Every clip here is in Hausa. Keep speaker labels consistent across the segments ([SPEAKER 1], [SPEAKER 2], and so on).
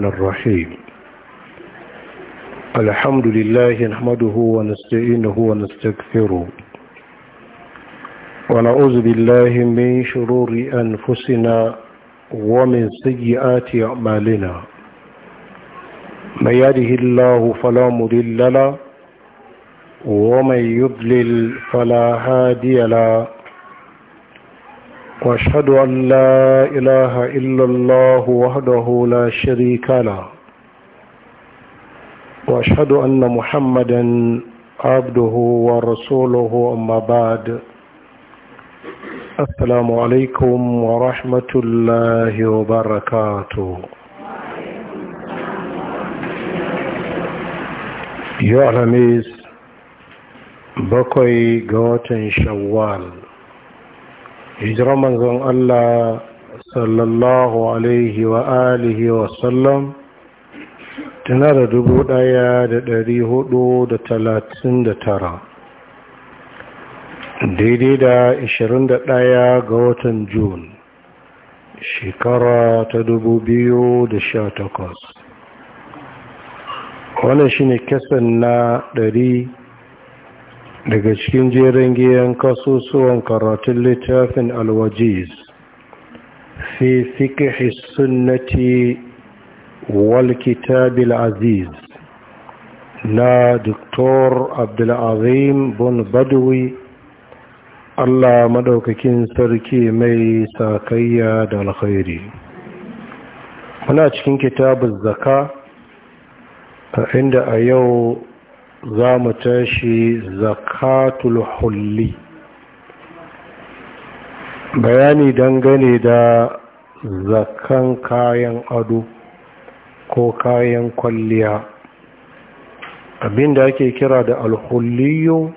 [SPEAKER 1] الرحيم الحمد لله نحمده ونستعينه ونستغفره ونعوذ بالله من شرور أنفسنا ومن سيئات أعمالنا من يهده الله فلا مضل له ومن يضلل فلا هادي له واشهد ان لا اله الا الله وحده لا شريك له واشهد ان محمدا عبده ورسوله اما بعد السلام عليكم ورحمه الله وبركاته يا الهميس بكوي غوتن شوال hijirar manzon Allah sallallahu alaihi wa alihi wa sallam tana da dubu ɗaya da dari hudu da talatin da tara daidai da ishirin da ɗaya ga watan Jun shekara ta dubu biyu da sha takwas wannan shine kasan na dari. daga cikin jerin giyan kasusuwan karatun littafin alwajiz fi fikihi sunnati wal kitabil aziz na doktor abdulazim bin badawi allah maɗaukakin sarki mai sakayya da alkhairi muna cikin kitabun zaka inda a yau za mu tashi zakatul hulli bayani dangane da zakan kayan ado ko kayan kwalliya abinda ake kira da alhulliyo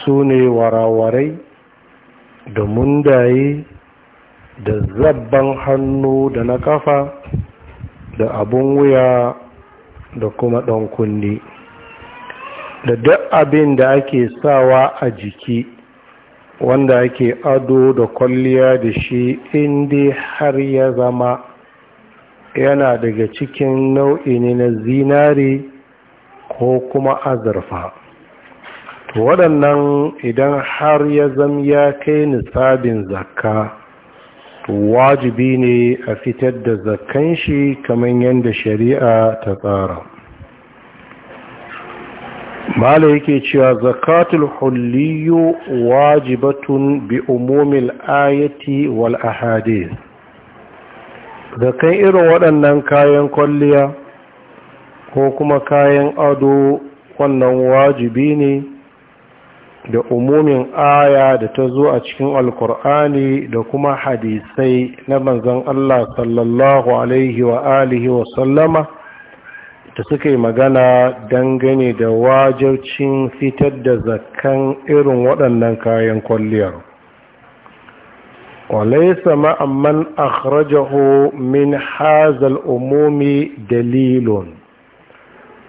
[SPEAKER 1] su ne warawarai da mundaye da zabban hannu da na kafa da abun wuya da kuma ɗan kunni da duk abin da ake sawa a jiki wanda ake ado da kwalliya da shi inda har ya zama yana daga cikin nau'i ne na zinari ko kuma azurfa to waɗannan idan har ya zama ya kai nisabin zakka to wajibi ne a fitar da zakkan shi kamar yadda shari'a ta tsara mala yake cewa zakatul hulliyu wajibatun bi umumil ayati wal ahadith zakan irin waɗannan kayan kwalliya ko kuma kayan ado wannan wajibi ne da umumin aya da ta zo a cikin alkur'ani da kuma hadisai na manzon Allah sallallahu alaihi wa alihi wa sallama da suka yi magana dangane da wajaucin fitar da zakan irin waɗannan kayan kwalliyar walaisa ma'amman akhrajahu min hazal umumi dalilun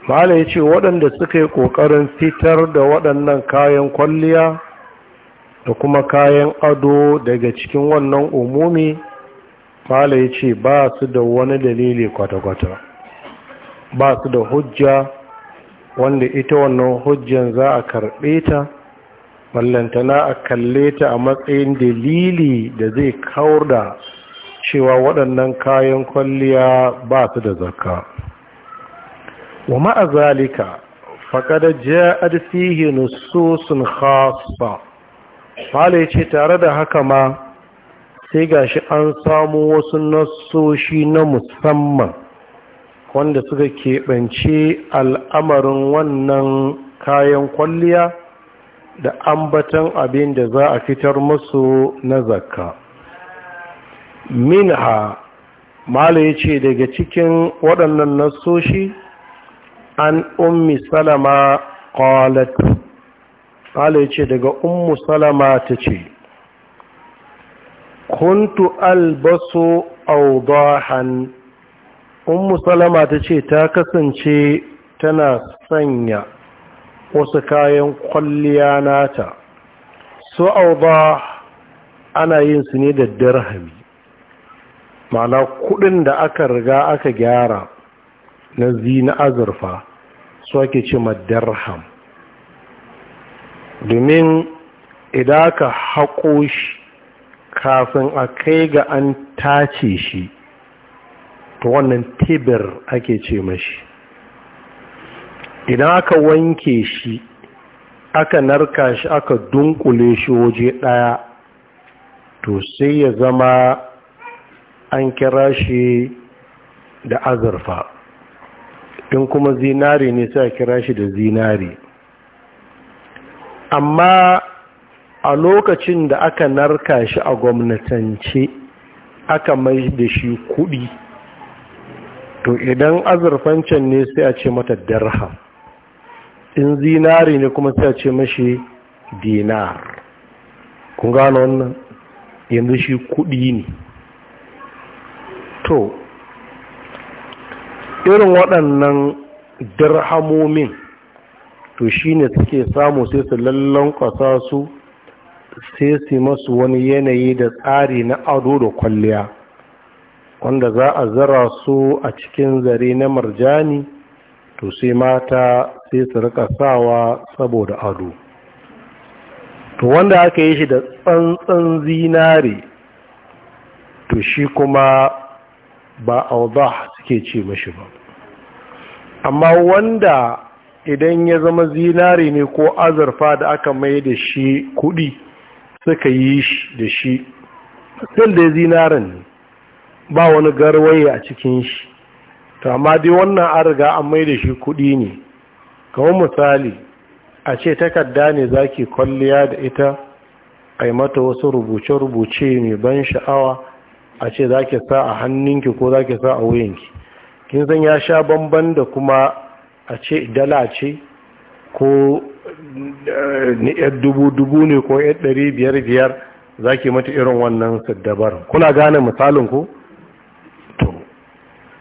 [SPEAKER 1] ma'ala ya ce waɗanda suka yi ƙoƙarin fitar da waɗannan kayan kwalliya da kuma kayan ado daga cikin wannan umumi ma'ala ya ce ba su da wani dalili kwata-kwata ba su da hujja wanda ita wannan hujjan za a karɓe ta ballantana a kalle ta a matsayin dalili da zai kawar da cewa waɗannan kayan kwalliya ba su da zaka wa ma'azalika faƙada ja'ad fihi nususun khassa fale ce tare da haka ma sai gashi an samu wasu nasoshi na musamman wanda suka keɓance al'amarin wannan kayan kwalliya da ambatan abin da za a fitar musu na zakka minha mala ya ce daga cikin waɗannan nasoshi an ummi salama ƙwalatu mala ya ce daga ummu salama ta ce kuntu albasu audahan ummu salama ta ce ta kasance tana sanya wasu kayan kwalliya nata su auba ana yin su ne da dirhami ma'ana kudin da aka riga aka gyara na zina azurfa su ake ce ma domin idan aka haƙo shi kafin a kai ga an tace shi to wannan tibir ake ce mashi idan aka wanke shi aka narka shi aka dunkule shi waje ɗaya to sai ya zama an kira shi da azurfa in kuma zinari ne sai a kira shi da zinari amma a lokacin da aka narka shi a gwamnatance aka mai da shi kuɗi to idan azurfan can ne sai a ce mata darham in zinari ne kuma sai a ce mashi dinar kun gano wannan yanzu shi kudi ne to irin waɗannan darhamomin to shi suke samu sai su lallon su sai su masu wani yanayi da tsari na ado da kwalliya wanda za a zara su a cikin zare na marjani to sai mata sai su rika sawa saboda ado to wanda aka yi shi da tsantsan zinare to shi kuma ba audah suke ce mashi ba amma wanda idan ya zama zinare ne ko azurfa da aka mai da shi kudi suka yi da shi sai da zinaren ne ba wani garwaye a cikin shi to amma dai wannan an riga an mai da shi kuɗi ne kamar misali a ce takarda ne zaki kwalliya da ita a yi mata wasu rubuce-rubuce mai ban sha'awa a ce za ki sa a hannunki ko za ki sa a wuyanki kin san ya sha bamban da kuma a ce dala ce ko dubu-dubu eh, ne ko yar za biyar zaki mata irin wannan saddabar kuna gane misalin ku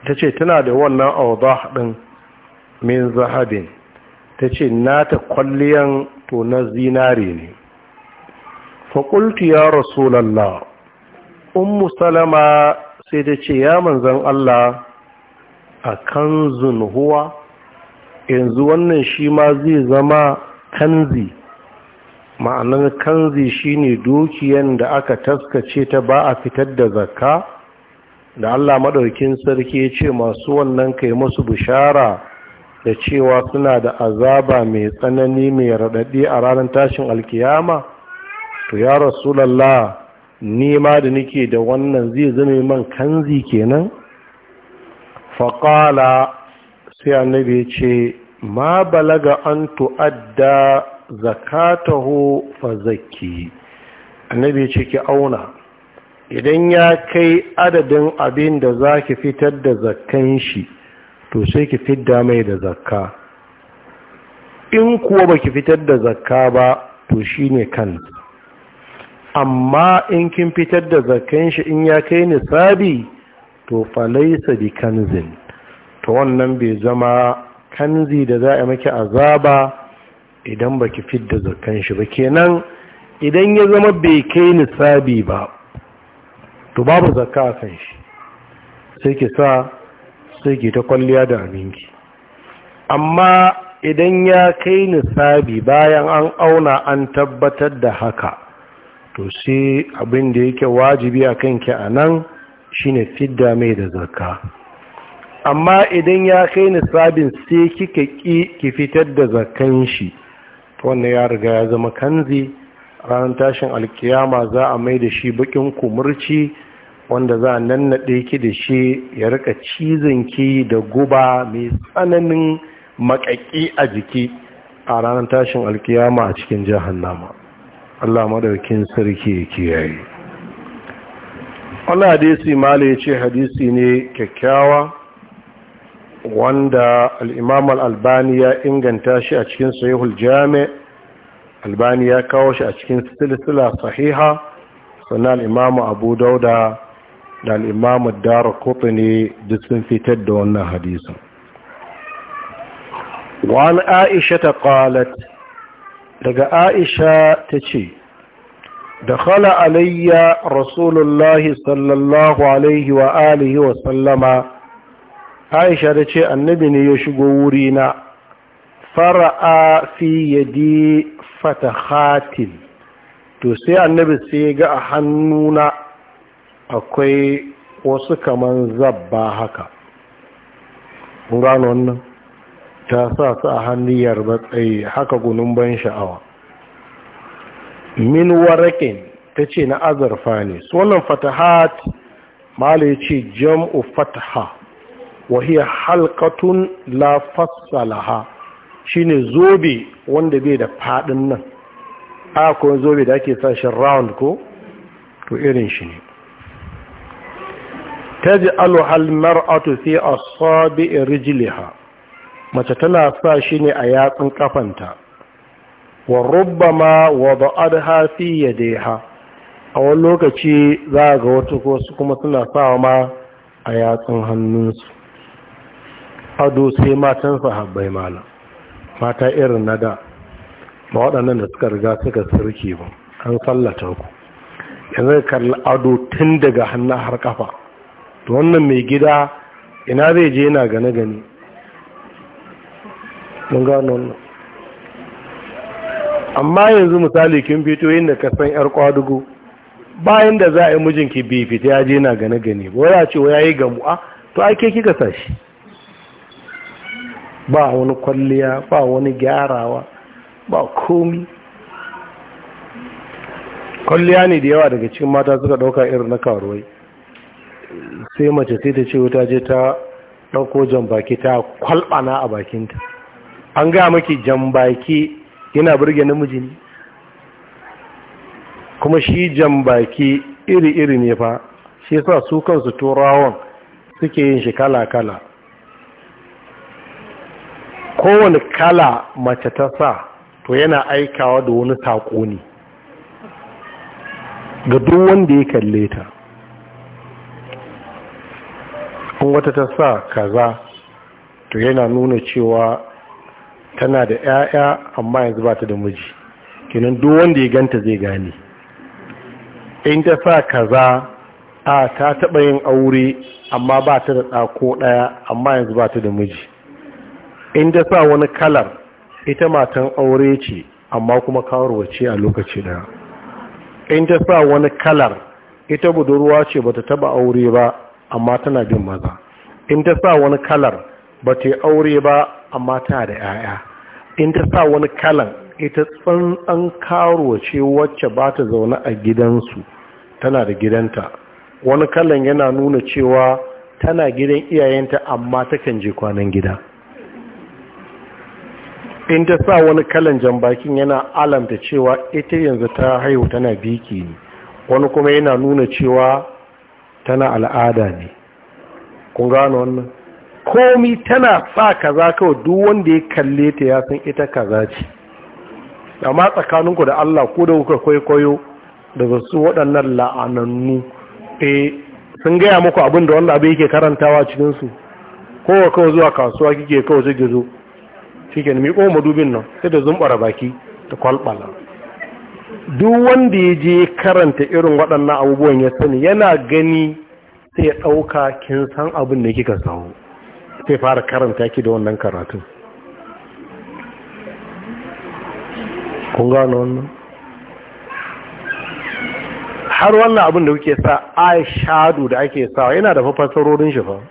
[SPEAKER 1] ta ce tana da wannan audah haɗin min zahabin ta ce na ta kwalliyan to na zinare ne faƙulti ya rasulallah Un salama sai ta ce ya manzan Allah a kanzun huwa yanzu wannan shi ma zai zama kanzi ma'anar kanzi shine dukiyan da aka taskace ta ba a fitar da zakka da Allah maɗaukin sarki ya ce masu wannan kai masu bishara da cewa suna da azaba mai tsanani mai raɗaɗi a ranar tashin alkiyama to ya rasulallah nema da nake da wannan zai zame man kanzi kenan faƙala sai annabi ce ma balaga an tu'adda zakatahu fa zakki annabi ya ce ki auna idan ya kai adadin abin da za ki fitar da zakkan shi to sai ki fidda mai da zakka in kuwa ba ki fitar da zakka ba to shi ne kan. amma in kin fitar da zakkan shi in ya kai nisabi to falaisa bi kanzin to wannan bai zama kanzi da za a maki azaba idan ba ki fidda zakkan shi ba kenan idan ya zama bai kai nisabi ba to babu zakka a kan shi sai ki sa sai ki ta kwalliya da aminki amma idan ya kai nisabi bayan an auna an tabbatar da haka to sai abin da yake wajibi a kanki a nan shi ne fidda mai da zakka amma idan ya kai nisabin sai kika ki ki fitar da zakkan shi to wannan ya riga ya zama kanzi ranar tashin alkiyama za a mai da shi bakin kumurci wanda za a nannaɗe ki da shi ya rika cizon ki da guba mai tsananin makaƙi a jiki a ranar tashin alkiyama a cikin jahannama Allah madaukin sarki ya kiyaye Allah hadisi mala ya ce hadisi ne kyakkyawa wanda al'imam al'albani ya inganta shi a cikin sahihul jami albani ya kawo shi a cikin silsila sahiha sannan al'imamu abu dauda da al'imamu dara kotu ne duk sun fitar da wannan hadisun wani aisha ta kwalat daga aisha ta ce da khala alayya rasulullah sallallahu alaihi wa alihi wa sallama aisha ta ce annabi ne ya shigo wurina fara'a fi yadi khatil to sai annabi sai ga a hannuna akwai wasu kaman zabba haka gano wannan ta sa su a hanniyar matsayi haka gunun ban sha'awa min warakin ta ce na azurfa ne wannan fatahat mala ce jam'u fataha wahiyar halkatun la fassalaha shine zobe wanda bai da fadin nan akwai zobe da ake sashen round ko to irin shi ne taj'aluha almar'atu fi asabi rijliha mace tana sa shi ne a yatsun kafanta wa rubbama wada'adha fi yadayha a wani lokaci za ga wata ko su kuma suna sawa ma a yatsun hannunsu ado sai matan sahabbai mala mata irin na da ba waɗannan da suka riga suka sirki ba an sallata ku yanzu kalli ado tun daga hannun har kafa to wannan mai gida ina zai je yana gane-gane mun gano wannan amma yanzu misali kin fito yin da ka san yar kwadugo bayan da za a yi mijinki bi fita ya je yana gane-gane ba ya ce ya yi gamu a ah, to ake kika sashi ba wani kwalliya ba wani gyarawa ba komi kwalliya ne da yawa daga cikin mata suka dauka irin na karuwai sai mace sai ta ce wuta je ta ɗauko jambaki ta kwalɓana a bakinta an gaya maki jambaki yana burge namiji ne kuma shi jambaki iri-iri ne fa shi sa su kansu turawan suke yin shi kala-kala kowane kala mace ta sa to yana aikawa da wani saƙo ne ga duk wanda ya kalle ta in wata ta sa kaza to yana nuna cewa tana da 'ya'ya amma yanzu ba ta da miji kinan duk wanda ya ganta zai gane in ta sa kaza a ta taba yin aure amma ba ta da ɗako ɗaya amma yanzu ba ta da miji in ta sa wani kalar ita matan aure ce amma kuma kawarwa ce a lokaci ɗaya in ta sa wani kalar ita budurwa ce ba ta taɓa aure ba amma tana bin maza in ta sa wani kalar ba ta aure ba amma tana da 'ya'ya in ta sa wani kalan ita tsantsan karo ce wacce ba ta zaune a gidansu tana da gidanta wani kalan yana nuna cewa tana gidan iyayenta amma ta kan je kwanan gida in ta sa wani kalan bakin yana alamta cewa ita yanzu ta haihu tana biki ne wani kuma yana nuna cewa tana al'ada ne kun gano wannan komi tana sa kaza kawai duk wanda ya kalle ta ya san ita kaza ce amma tsakaninku da Allah ko da kuka kwaikwayo daga su waɗannan la'anannu eh sun gaya muku abin da wanda abin yake karantawa cikinsu kowa kawai zuwa kasuwa kike kawai zai gizo cikin ke nemi madubin nan sai da zumbara baki da kwalɓala duk wanda ya je karanta irin waɗannan abubuwan ya sani yana gani sai ɗauka kin san abin da kika samu sai fara karanta ki da wannan karatu. kun wannan har wannan abin da kuke sa ai shadu da ake sa yana da fafasarorin shi fa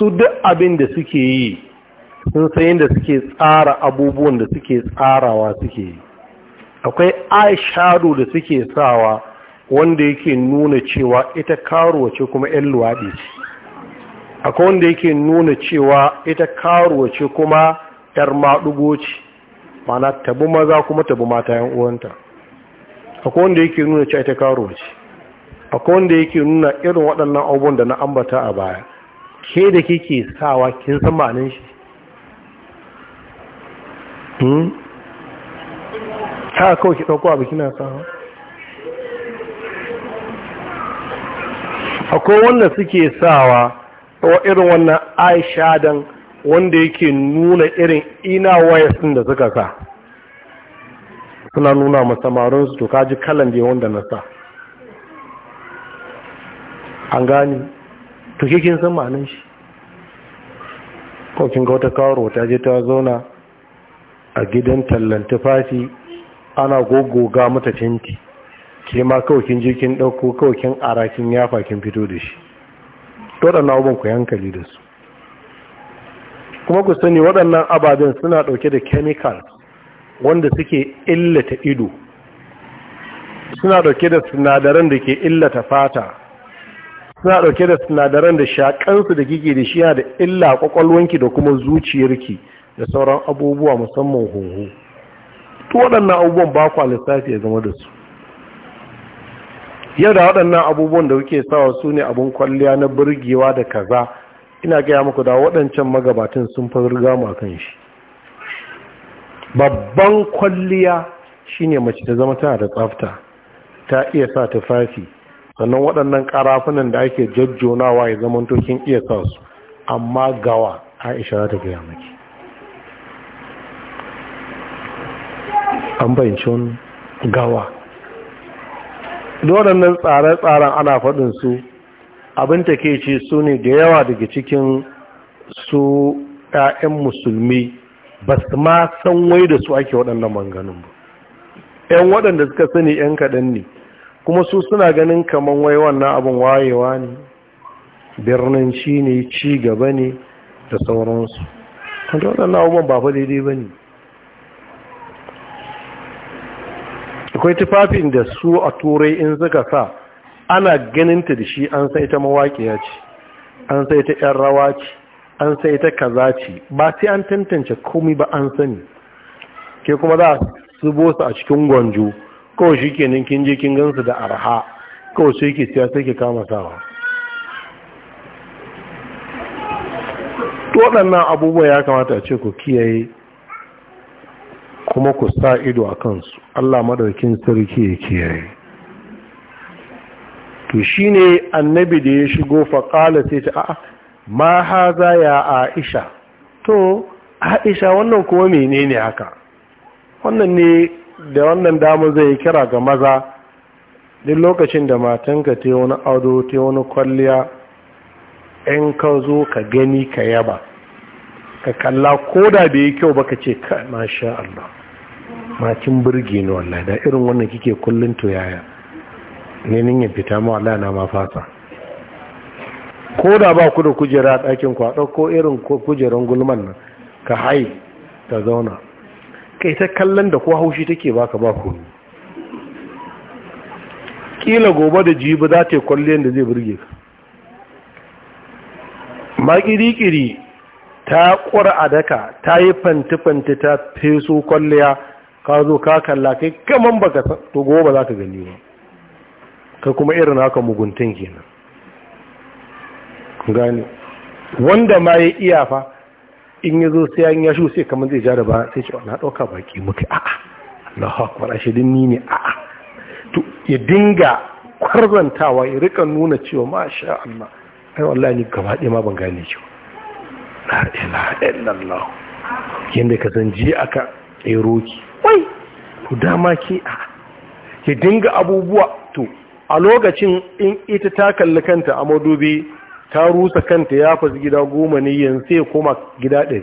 [SPEAKER 1] su duk abin da suke yi sun sayin da suke tsara abubuwan da suke tsarawa suke yi akwai aisharu da suke sawa wanda yake nuna cewa ita karuwa ce kuma 'yan luwaɗi ce akwai wanda yake nuna cewa ita karuwa ce kuma 'yar maɗugo ce mana tabi maza kuma tabi mata yan uwanta akwai wanda yake nuna cewa ita karuwa ce akwai wanda yake nuna irin waɗannan abubuwan da na ambata a baya ke da kike sawa kin san ma'anin shi hmm? Ta kawai ki ɗauko abu kina sawa akwai wanda suke sawa wa irin wannan aishadan wanda yake nuna irin ina wayasin da suka sa suna nuna su to kaji kalan je wanda na sa an gani to kikin san ma'anin shi kokin ga wata kawar ta je ta zauna a gidan tallan fashi. ana gogoga mata tenti ke ma kawakin jikin ɗauko kawakin arakin yafa kin fito da shi waɗannan abubuwan ku hankali da su kuma ku sani waɗannan ababen suna ɗauke da kemikal wanda suke illata ido suna ɗauke da sinadaran da ke illata fata suna ɗauke da sinadaran da shakansu da kike da shi da illa kwakwalwanki da kuma zuciyarki da sauran abubuwa musamman hunhu duk waɗannan abubuwan ba ku lissafi ya zama da su yau da waɗannan abubuwan da kuke sawa su ne abin kwalliya na burgewa da kaza ina gaya muku da waɗancan magabatan sun fi riga mu kan shi babban kwalliya shine mace ta zama tana da tsafta ta iya sa tufafi sannan waɗannan ƙarafunan da ake jajjonawa ya zama tokin iya sa su amma gawa aisha za ta gaya maki an bayancin gawa nan tsare-tsaren ana faɗin su abin ke ce su ne da yawa daga cikin su 'ya'yan musulmi ba su ma san wai da su ake waɗannan manganin ba 'yan waɗanda suka sani 'yan kaɗan ne kuma su suna ganin kamar wai wannan abin wayewa ne birnin ci ne ci gaba ne da sauransu waɗannan abubuwan ba fa daidai ba ne akwai tufafin da su a turai in suka sa ana ganinta da shi an sai ta mawaƙiya ce an sai ta ƴan rawa ce an sai ta kaza ce ba sai an tantance komai ba an sani ke kuma za su bo su a cikin gwanjo kawai shi kenan kin je kin gansu da arha kawai sai ke siya sai ke kama sawa waɗannan abubuwa ya kamata a ce ku kiyaye kuma ku sa ido a kansu Allah madaukin sarki ya kiyaye to shine annabi da ya shigo faƙala sai ta a'a ma haza ya aisha to aisha wannan kuma menene haka wannan ne da wannan damu zai kira ga maza duk lokacin da matanka ta wani ado ta wani kwalliya in ka zo ka gani ka yaba ka kalla ko da bai yi kyau ka ce ka masha Allah makin burge ni wallahi da irin wannan kike kullun to yaya ne nin ya fita mu wallahi na ma fasa ko da ba ku da kujera a ɗakin ku a ɗauko irin kujeran gulman nan ka hai ta zauna kai ta kallon da ko haushi take baka ba ku kila gobe da jibi za ta yi kwalliyar da zai burge ka maƙiriƙiri ta ƙura a daka ta yi fanti-fanti ta feso kwalliya ka zo ka kalla kai kaman baka to gobe za ka gani ba kai kuma irin haka muguntan kenan gani wanda ma ya iya fa in ya zo sai an yashu sai kaman zai ja da ba sai ce na ɗauka baki muka a'a Allahu akbar ashe din ni ne a'a to ya dinga kwarzantawa ya rika nuna cewa masha Allah ai wallahi ni gaba ɗaya ma ban gane shi la ilaha illallah yanda ka san ji aka tsero roki. wai to dama ke a ki dinga abubuwa to a lokacin in ita ta kalli kanta a madubi ta rusa kanta ya fasi gida goma ne yanzu sai koma gida ɗari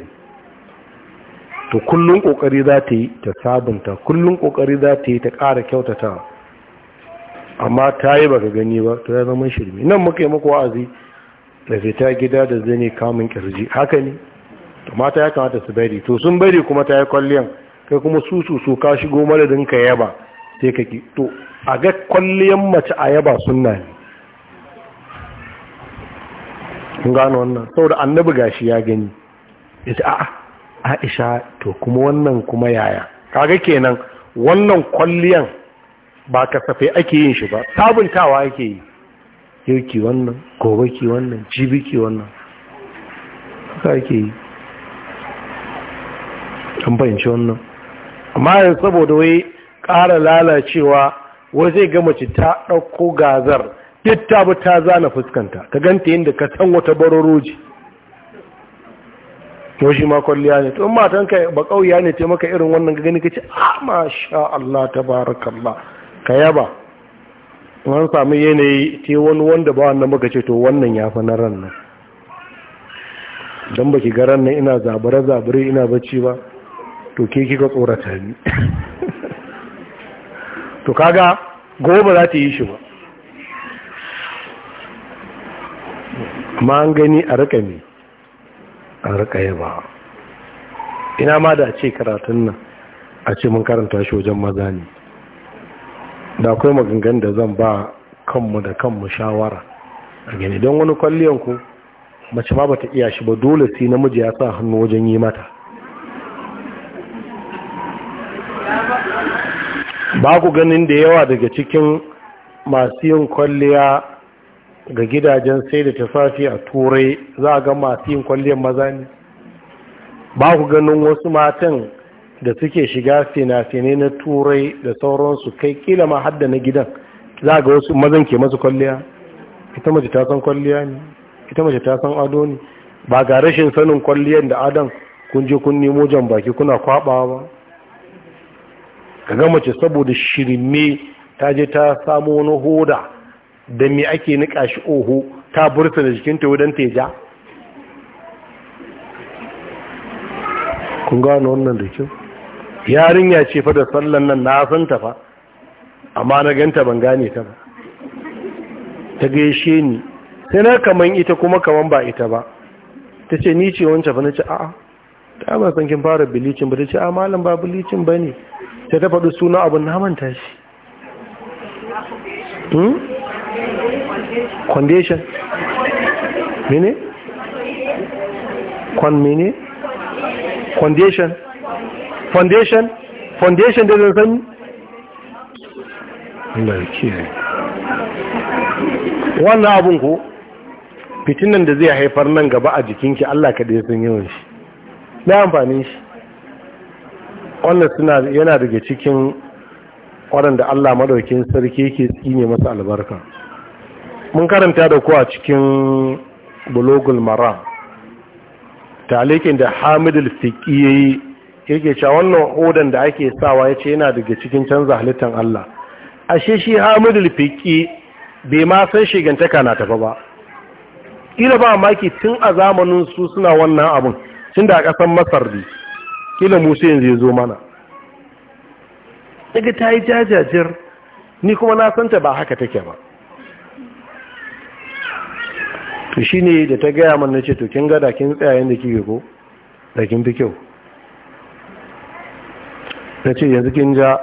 [SPEAKER 1] to kullum ƙoƙari za ta yi ta sabunta kullum ƙoƙari za ta yi ta ƙara kyautata amma ta yi baka gani ba ta ya zama shirme nan muka yi maka wa'azi da fita gida da zane kamun ƙirji haka ne to mata ya kamata su bari to sun bari kuma ta yi kwalliyan kai kuma susu su ka shigo madadin ka yaba sai ka ki to a ga kwalliyan mace a yaba sunna ne kun gano wannan saboda annabi gashi ya gani yace a'a Aisha to kuma wannan kuma yaya kaga kenan wannan kwalliyan ba kasafai ake yin shi ba sabuntawa ake yi yau ki wannan gobe ki wannan jibi ki wannan haka ake yi an fahimci wannan amma yanzu saboda wai kara lalacewa wai zai ga mace ta ɗauko gazar duk ta bi ta zana fuskanta ka ganta yadda ka san wata baroroji ko shi ma kwalliya ne to matan ka ba kauya ne ta maka irin wannan gani kace a ah, masha Allah tabarakallah ka yaba wani samu yanayi te wani wanda ba wannan baka ce to wannan ya fa na ran nan dan baki ga rannan nan ina zabare zabare ina bacci ba to ke kika tsorata ni to kaga gobe za ta yi shi ba amma an gani a rika ne a rika yaba ina ma da ce karatun nan a ce mun karanta shi wajen maza ne da akwai magangan da zan ba kanmu da kanmu shawara a gani don wani kwalliyanku mace ma bata iya shi ba dole sai namiji ya sa hannu wajen yi mata ba ku ganin da yawa daga cikin masu yin kwalliya ga gidajen sai da tufafi a turai za a ga masu yin kwalliyar maza ne ba ku ganin wasu matan da suke shiga fina fina na turai da sauransu kai kila ma hadda na gidan za a ga wasu mazan ke masu kwalliya ita mace ta san kwalliya ne ita mace ta san ado ne ba ga rashin sanin kwalliyar da adam kun je kun nemo jan baki kuna kwabawa ba ka gama ce saboda shirme ta je ta samu wani hoda da me ake nika shi oho ta burta da jikinta ya teja kun gano wannan da kyau yarinya ce fa da sallan nan na san ta fa amma na ganta ban gane ta ba ta gaishe ni sai na kaman ita kuma kaman ba ita ba ta ce ni ce wancan fa na ce a'a ta ba san kin fara bilicin ba ta ce a malam ba bilicin ba ne sai ta faɗi suna abin na manta shi condition hmm? mene? kwan mene? foundation foundation foundation da zan sani? wannan abin ko fitinan da zai haifar nan gaba a jikinki Allah ka da ya san yawan shi na amfanin shi wannan suna yana daga cikin waɗanda Allah maɗaukin sarki yake tsine masa albarka mun karanta da kuwa cikin bulogul mara talikin da hamidul fiƙi yake cewa wannan odan da ake sawa ya ce yana daga cikin canza halittar Allah ashe shi al bai ma san shigantaka na tafa ba ƙila ba maki tun a zamanin su suna wannan abun tun da a ƙasar masar ne kila musu yanzu ya zo mana daga ta yi jajajir ni kuma na santa ba haka take ba to shi ne da ta gaya mana ce to kin gada kin tsayayen da kike ko da kin fi kyau na ce yanzu kin ja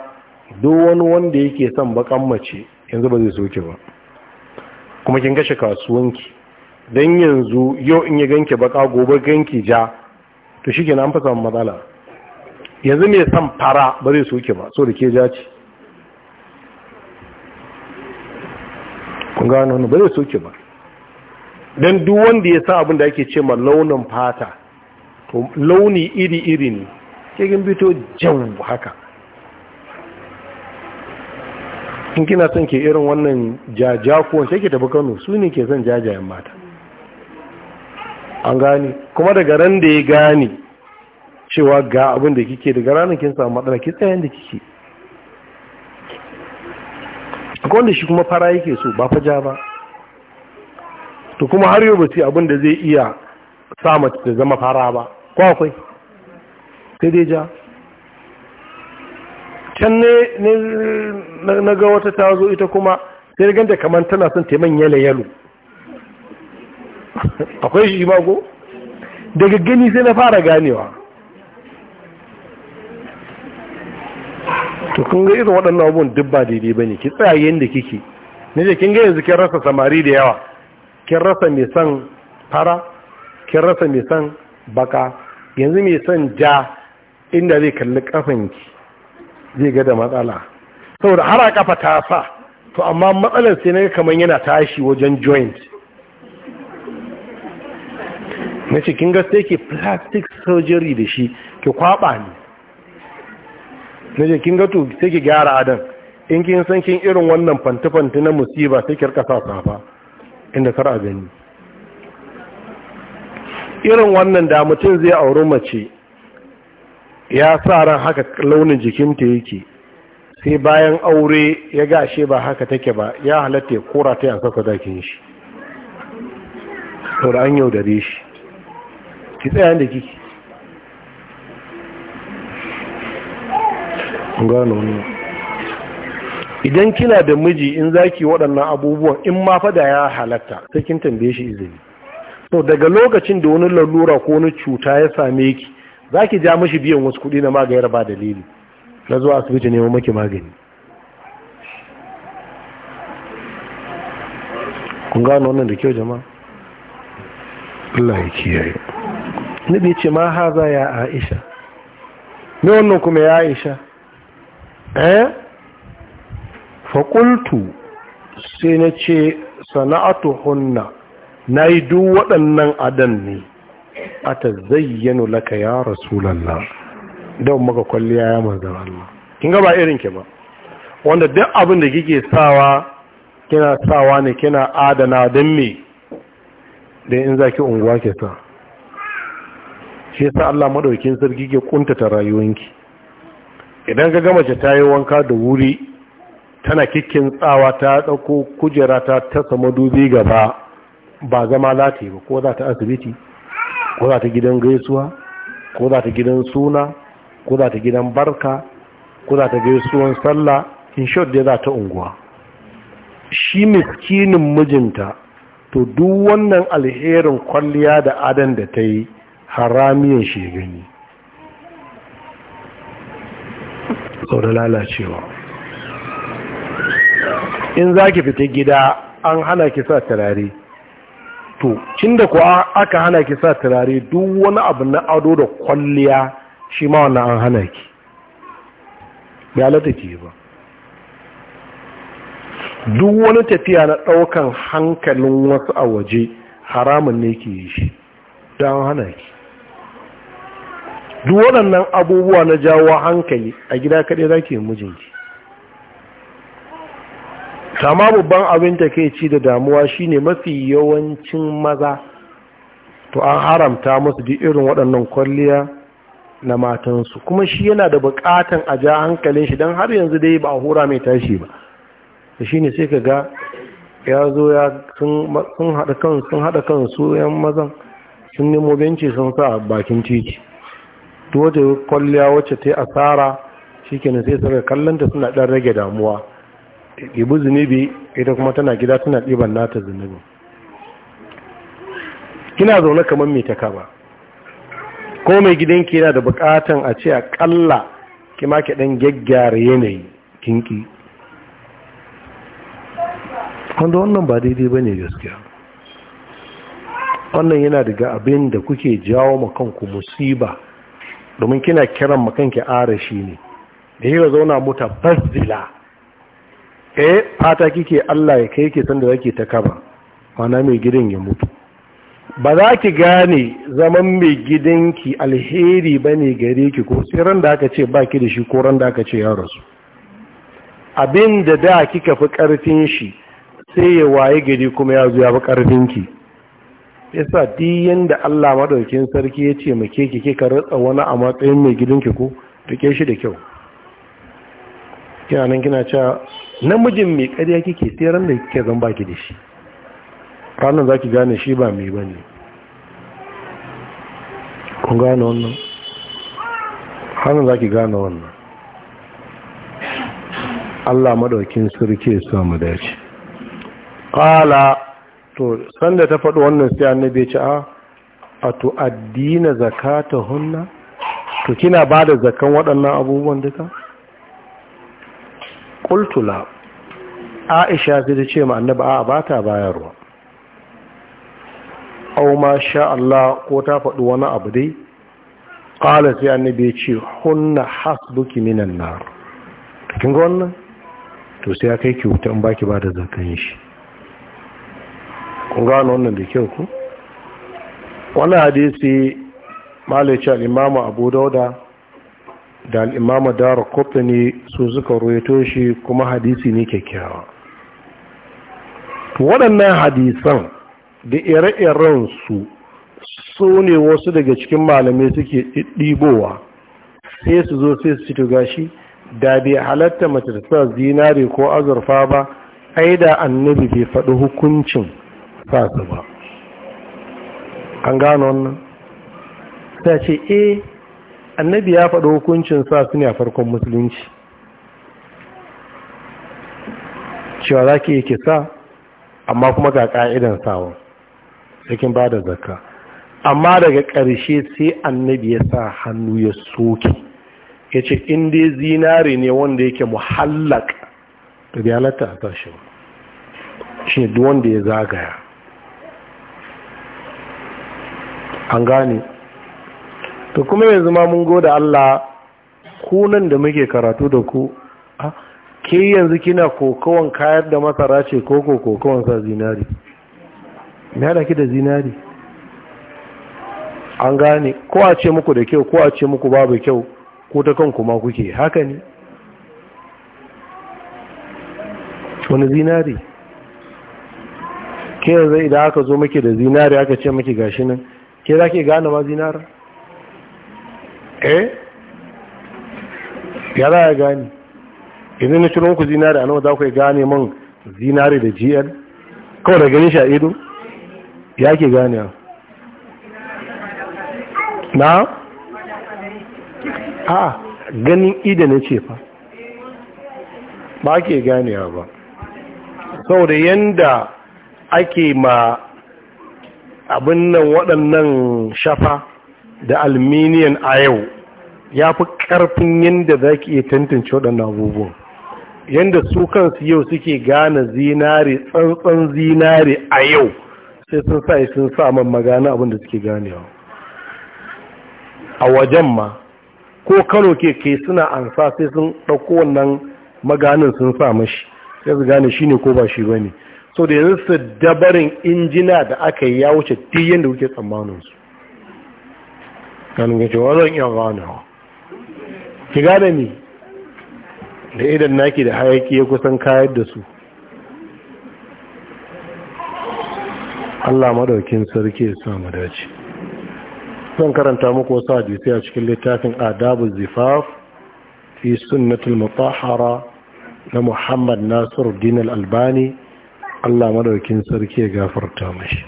[SPEAKER 1] duk wani wanda yake son bakan mace yanzu ba zai soke ba kuma kin kashe kasuwanki don yanzu yau in yi ganki baka gobe ganki ja to shi ke na an fasa matsala yanzu mai san fara ba zai soke ba so da ke jaci ce kun gano wani ba zai soke ba don duk wanda ya sa abin da ake ce ma launin fata to launi iri-iri ne kegin bito jan haka in kina son ke irin wannan jajakuwan sai ke tafi kano su ne ke son jajayen mata an gani kuma daga ran da ya gani. cewa ga abin da kike daga ranar kin samu matsala ki tsayan da kike akwai wanda shi kuma fara yake so ba faja ba to kuma har yau ba su abin da zai iya sa mace ta zama fara ba ko akwai sai dai ja can ne na ga wata ta zo ita kuma sai ganta kamar tana son taimakon yalo yalo akwai shi ba ko daga gani sai na fara ganewa to kun ga irin waɗannan abubuwan duk ba daidai ba ne ki tsaya yadda kike na ce kin ga yanzu kin rasa samari da yawa kin rasa mai son fara kin rasa mai son baka yanzu mai son ja inda zai kalli ƙafanki, zai ga da matsala saboda har a kafa ta sa to amma matsalar sai na kamar yana tashi wajen joint na ce kin ga sai ke plastic surgery da shi ki kwaɓa ne na je kin gato sai ki gyara adan in kin san kin irin wannan fanti-fanti na musiba sai ki rika sa safa inda kar a gani irin wannan da mutum zai auri mace ya sa ran haka launin jikinta yake sai bayan aure ya gashe ba haka take ba ya halatta ya kora ta yansa zakin shi da an yaudare shi ki tsaya da kike gano wannan idan kina da miji in zaki waɗannan abubuwan in ma fada ya halatta sai kin tambaye shi izini to daga lokacin da wani lalura ko wani cuta ya same ki zaki ja mishi biyan wasu kuɗi na magayar ba dalili na zuwa asibiti nemo maki magani kun gano wannan da kyau jama'a Allah ya kiyaye nabi ce ma haza ya Aisha ne wannan kuma ya Aisha Eh? faƙultu sai na ce sana'atu hunna na yi duk waɗannan adan ne a ta zayyano laka ya rasulallah don maka kwalliya ya manzan Allah kinga ba irin ke ba wanda duk abin da kike sawa kina sawa ne kina adana don me da in zaki unguwa ke sa shi sa Allah maɗaukin sarki ke kuntata rayuwanki idan ga gama ta yi wanka da wuri tana kikin tsawa ta ɗauko kujera ta tasa madubi gaba ba zama lati ba ko za ta asibiti ko za ta gidan gaisuwa ko za ta gidan suna ko za ta gidan barka ko za ta gaisuwan sallah in short dai za ta unguwa shi miskinin mijinta to duk wannan alherin kwalliya da adan da ta yi haramiyan shi gani sau da lalacewa in za ki fita gida an hana ki sa turare to cin da kuwa aka hana ki sa turare duk wani abu na ado da kwalliya shi ma wannan an hana ki ya lata ke ba duk wani tafiya na ɗaukan hankalin wasu a waje haramun ne ke yi shi don hana ki duk waɗannan abubuwa na jawo hankali a gida kaɗai za ke yi mijinki sama babban abin da ke ci da damuwa shine mafi yawancin maza to an haramta masu duk irin waɗannan kwalliya na matansu kuma shi yana da buƙatan a ja hankalin shi don har yanzu dai ba a hura mai tashi ba da shi ne sai ka ga ya zo ya sun haɗa kansu yan mazan sun nemo benci sun sa bakin titi duk kwalliya wacce ta yi asara shi kenan sai suka kallanta suna ɗan rage damuwa ibu zunubi ita kuma tana gida tana ɗiban nata zunubi kina zaune kamar mai ta ba ko mai gidanki yana da bukatan a ce a ki ma ki ɗan gyaggyara yanayi kinki wanda wannan ba daidai ba ne gaskiya wannan yana daga abin da kuke jawo ma kanku musiba domin kina kiran makanki shi ne da yi zauna mota bazila. eh fata kike Allah ya kai ke sanda zaki ta kaba mana mai gidan ya mutu ba za ki gane zaman mai gidan ki alheri ba ne gare ki ko tsiran da aka ce ba ki da shi ko ran da aka ce ya rasu abin da da kika fi ƙarfin shi sai ya waye gari kuma ya zo ya fi ki. yasa duk yanda Allah madaukin sarki ya ce muke kike ka ratsa wani a matsayin mai gidanki ko rike shi da kyau kina nan kina cewa namijin mai ƙarya kike sai da kike zan baki da shi ranar zaki gane shi ba mai bane kun gane wannan ranar zaki gane wannan Allah madaukin sarki ya mu dace qala to sanda ta faɗi wannan sai annabi ya ce a a to addina zakata hunna to kina ba da zakan waɗannan abubuwan duka ƙultula aisha sai ta ce ma annabi a ba ta bayarwa au ma sha Allah ko ta faɗi wani abu dai ƙala sai annabi ya ce hunna hasbuki minan nar kin ga to sai ya kai ki wuta in baki ba da zakan shi kun gano wannan da kyau ku wani hadisi malice al'imama abu dauda da al'imama dara kofini su suka roeto shi kuma hadisi ne kyakkyawa waɗannan hadisan da ire irensu su sune ne wasu daga cikin malamai suke ɗibowa sai su zo sai su cito shi da bai halatta mace zinare ko azurfa ba ai da annabi bai faɗi hukuncin sa ba an gano wannan ta ce eh annabi ya faɗo hukuncin sa su ne a farkon musulunci cewa za ki yake sa amma kuma ga ƙa'idan sawon cikin ba da zakka amma daga ƙarshe sai annabi ya sa hannu ya soke ya ce inda zinare ne wanda yake muhallaka. da biyalata a tashi shi ne wanda ya zagaya an gane to kuma yanzu ma mun goda Allah kunan da muke karatu da ku ke yanzu kina kokawan kayar da masara ce ko kokowan kokawan sa zinari me hada ki da zinari an gane ko a ce muku da kyau ko a ce muku babu kyau ko ta kanku ma kuke haka ne wani zinari ke yanzu idan aka zo muke da zinari aka ce muke gashi nan ke za ke gane ma zinar? eh ya za a gane idan na ciro ku zinari a nawa za ku gane man zinari da gl kawai da ganin sha ido ya ke gane na a ganin ido na ce fa ba ke ganewa ba sau da yanda ake ma abin nan waɗannan shafa da alminiyan a yau ya fi ƙarfin yadda za ki iya tantance waɗannan abubuwan yadda su kansu yau suke gane zinare tsantsan zinare a yau sai sun sa sun sa man magana abin da suke ganewa a wajen ma ko kano ke kai suna ansa sai sun ɗauko wannan maganin sun sa mashi sai su gane shi ne ko ba shi ba ne so da yanzu su dabarin injina da aka yi ya wuce duk yadda kuke tsammaninsu kan gajewa zan iya ranawa. ki gane ni. da idan naki da hayaki ya kusan kayar da su Allah madaukin sarki ya samu dace zan karanta muku wasu hadisi a cikin littafin adabu zifaf fi sunnatul mutahara na Muhammad Nasiru, Dinar albani Allah madaukin sarki ya gafarta mashi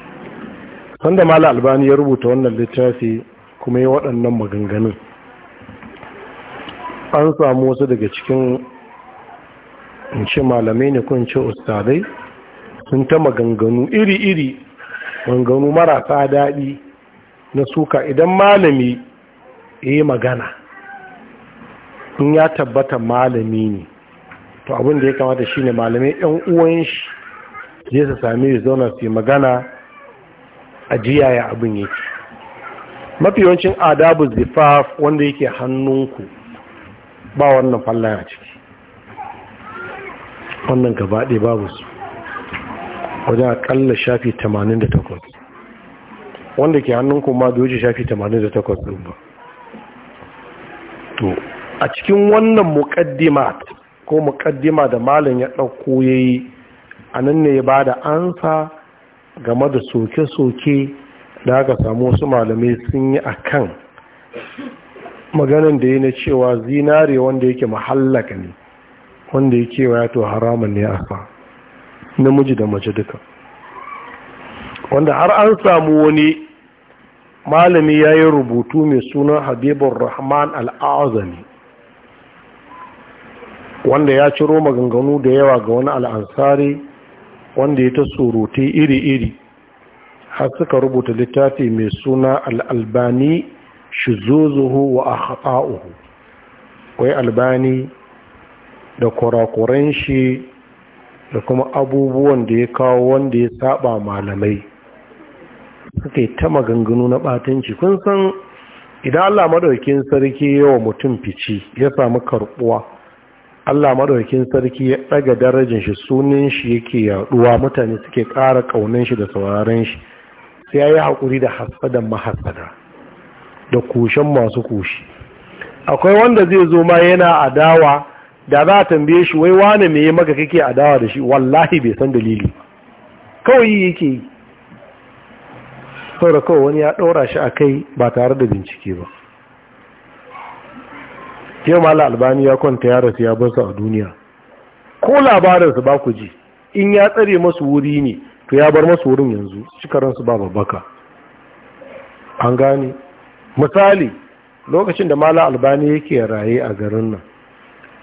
[SPEAKER 1] sanda mala albani ya rubuta wannan littafi kuma ya waɗannan maganganun an samu wasu daga cikin ince malamai ne ko ince ustadai sun ta maganganu iri-iri maganganu marasa daɗi na suka idan malami ya magana in ya tabbata malami ne to abin da ya kamata shine malamai 'yan uwan shi je su sami su zauna su yi magana a jiya ya abin yake mafi yawancin adabu zifaf wanda yake hannunku ba wannan fallon a ciki wannan gabaɗe babu su wajen akalla shafi 88 wanda ke hannunku ma da wuce shafi 88 ɗin ba to a cikin wannan muƙaddima ko muƙaddima da malin ya ɗauko ya yi a nan ne ya bada ansa game da soke-soke da aka samu wasu malamai sun yi a kan maganin da ya na cewa zinare wanda yake mahallaka ne wanda ya kewa ya to haramun ne a sa namiji da mace duka wanda har an samu wani malami ya yi rubutu mai sunan habibun rahman al'azami wanda ya ciro maganganu da yawa ga wani al'ansari wanda ya ta surutai iri-iri har suka rubuta littafi mai suna al'albani shizuzuhu wa haɗa’uhu wai albani da kurakuren shi da kuma abubuwan da ya kawo wanda ya saba malamai suka yi ta maganganu na batanci kun san idan allah madaukin sarki yawa mutum fici ya samu karɓuwa. Allah madaukakin sarki ya ɗaga darajar shi sunan shi yake yaɗuwa mutane suke ƙara kaunan shi da sauraron shi sai yayi hakuri da hasadan mahasada da kushen masu kushi akwai wanda zai zo ma yana adawa da za a tambaye shi wai wane me maka kake adawa da shi wallahi bai san dalili kawai yake yi saboda kawai wani ya ɗora shi a kai ba tare da bincike ba yau mala albani ya kwanta ya rasu ya bar su a duniya ko labarinsu ba ku ji in ya tsare masu wuri ne to ya bar masu wurin yanzu su ba babbaka an gane misali lokacin da mala albani yake raye a garin nan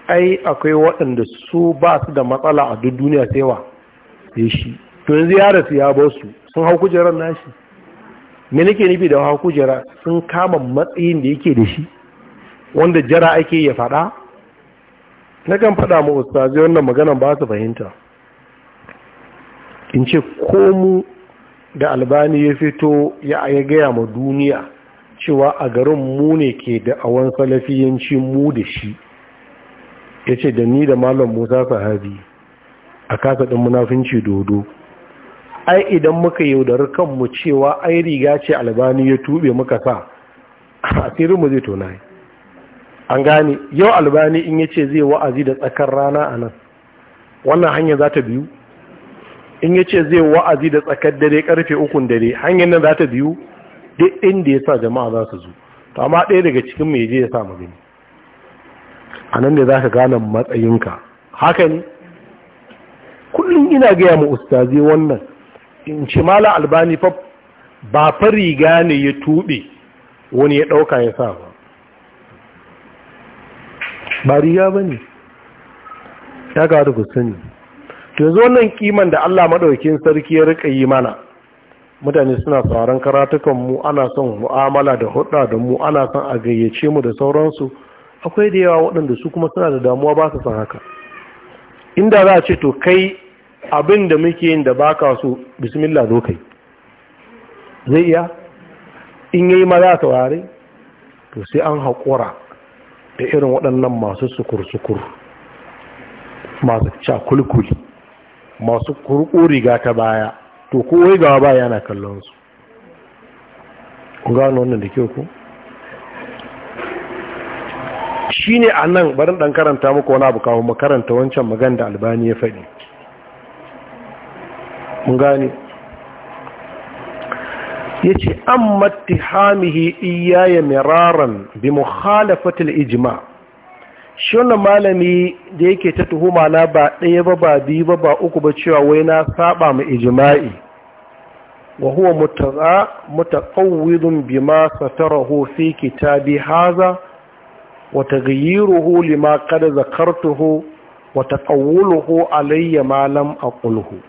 [SPEAKER 1] ai akwai waɗanda su ba su da matsala a duk duniya sai ya shi to yanzu ya rasu ya bar su, sun hau kujerar nashi me nake nufi da hau kujera sun kama matsayin da yake da shi wanda jara ake ya faɗa na kan faɗa ma ustazi wannan maganan ba su fahimta in ce komu da albani ya fito ya gaya ma duniya cewa a garin mu ne ke da awon salafiyanci mu da shi ya ce da ni da malam musa sahabi a kasa ɗin munafinci dodo ai idan muka yaudari kanmu cewa ai riga ce albani ya tube muka sa a mu zai tonayi an gane yau albani in yace zai wa'azi da tsakar rana a nan wannan hanyar za ta biyu in yace zai wa'azi da tsakar dare karfe ukun dare hanyar nan za ta biyu duk inda ya sa jama'a za su zo to amma ɗaya daga cikin mai je ya sa magani a nan da za ka gane matsayinka haka ne kullum ina gaya ma ustazi wannan in ce mala albani fa ba fa riga ne ya tuɓe wani ya ɗauka ya sa ba ba riga ba ne ya gada ku sani yanzu wannan kiman da Allah maɗaukin sarki ya rika yi mana mutane suna tsaron karatukan mu ana son mu'amala da hudu da mu ana son a gayyace mu da sauransu akwai da yawa waɗanda su kuma suna da damuwa ba su san haka inda za a ce to kai abin da muke yin da baka so bismillah zo kai zai iya in yi ma za a taurari to sai an haƙura da irin waɗannan masu sukur-sukur masu cakulkuli masu kurku riga ta baya to kowai gawa baya na kallon su gano wannan da ke ku shi ne a nan barin ɗan karanta muku wani abu kawo makaranta wancan maganda da albani ya faɗi mun gane ya ce an mattihamihi iyaya miraran bi mukhalafatul ijma shi wannan malami da yake ta tuhuma na ba ɗaya ba ba biyu ba ba uku ba cewa wai na saba ma ijma'i wa huwa mutaza mutaqawwidun bima satarahu fi kitabi haza wa taghyiruhu lima qad zakartuhu wa taqawwuluhu alayya ma lam aqulhu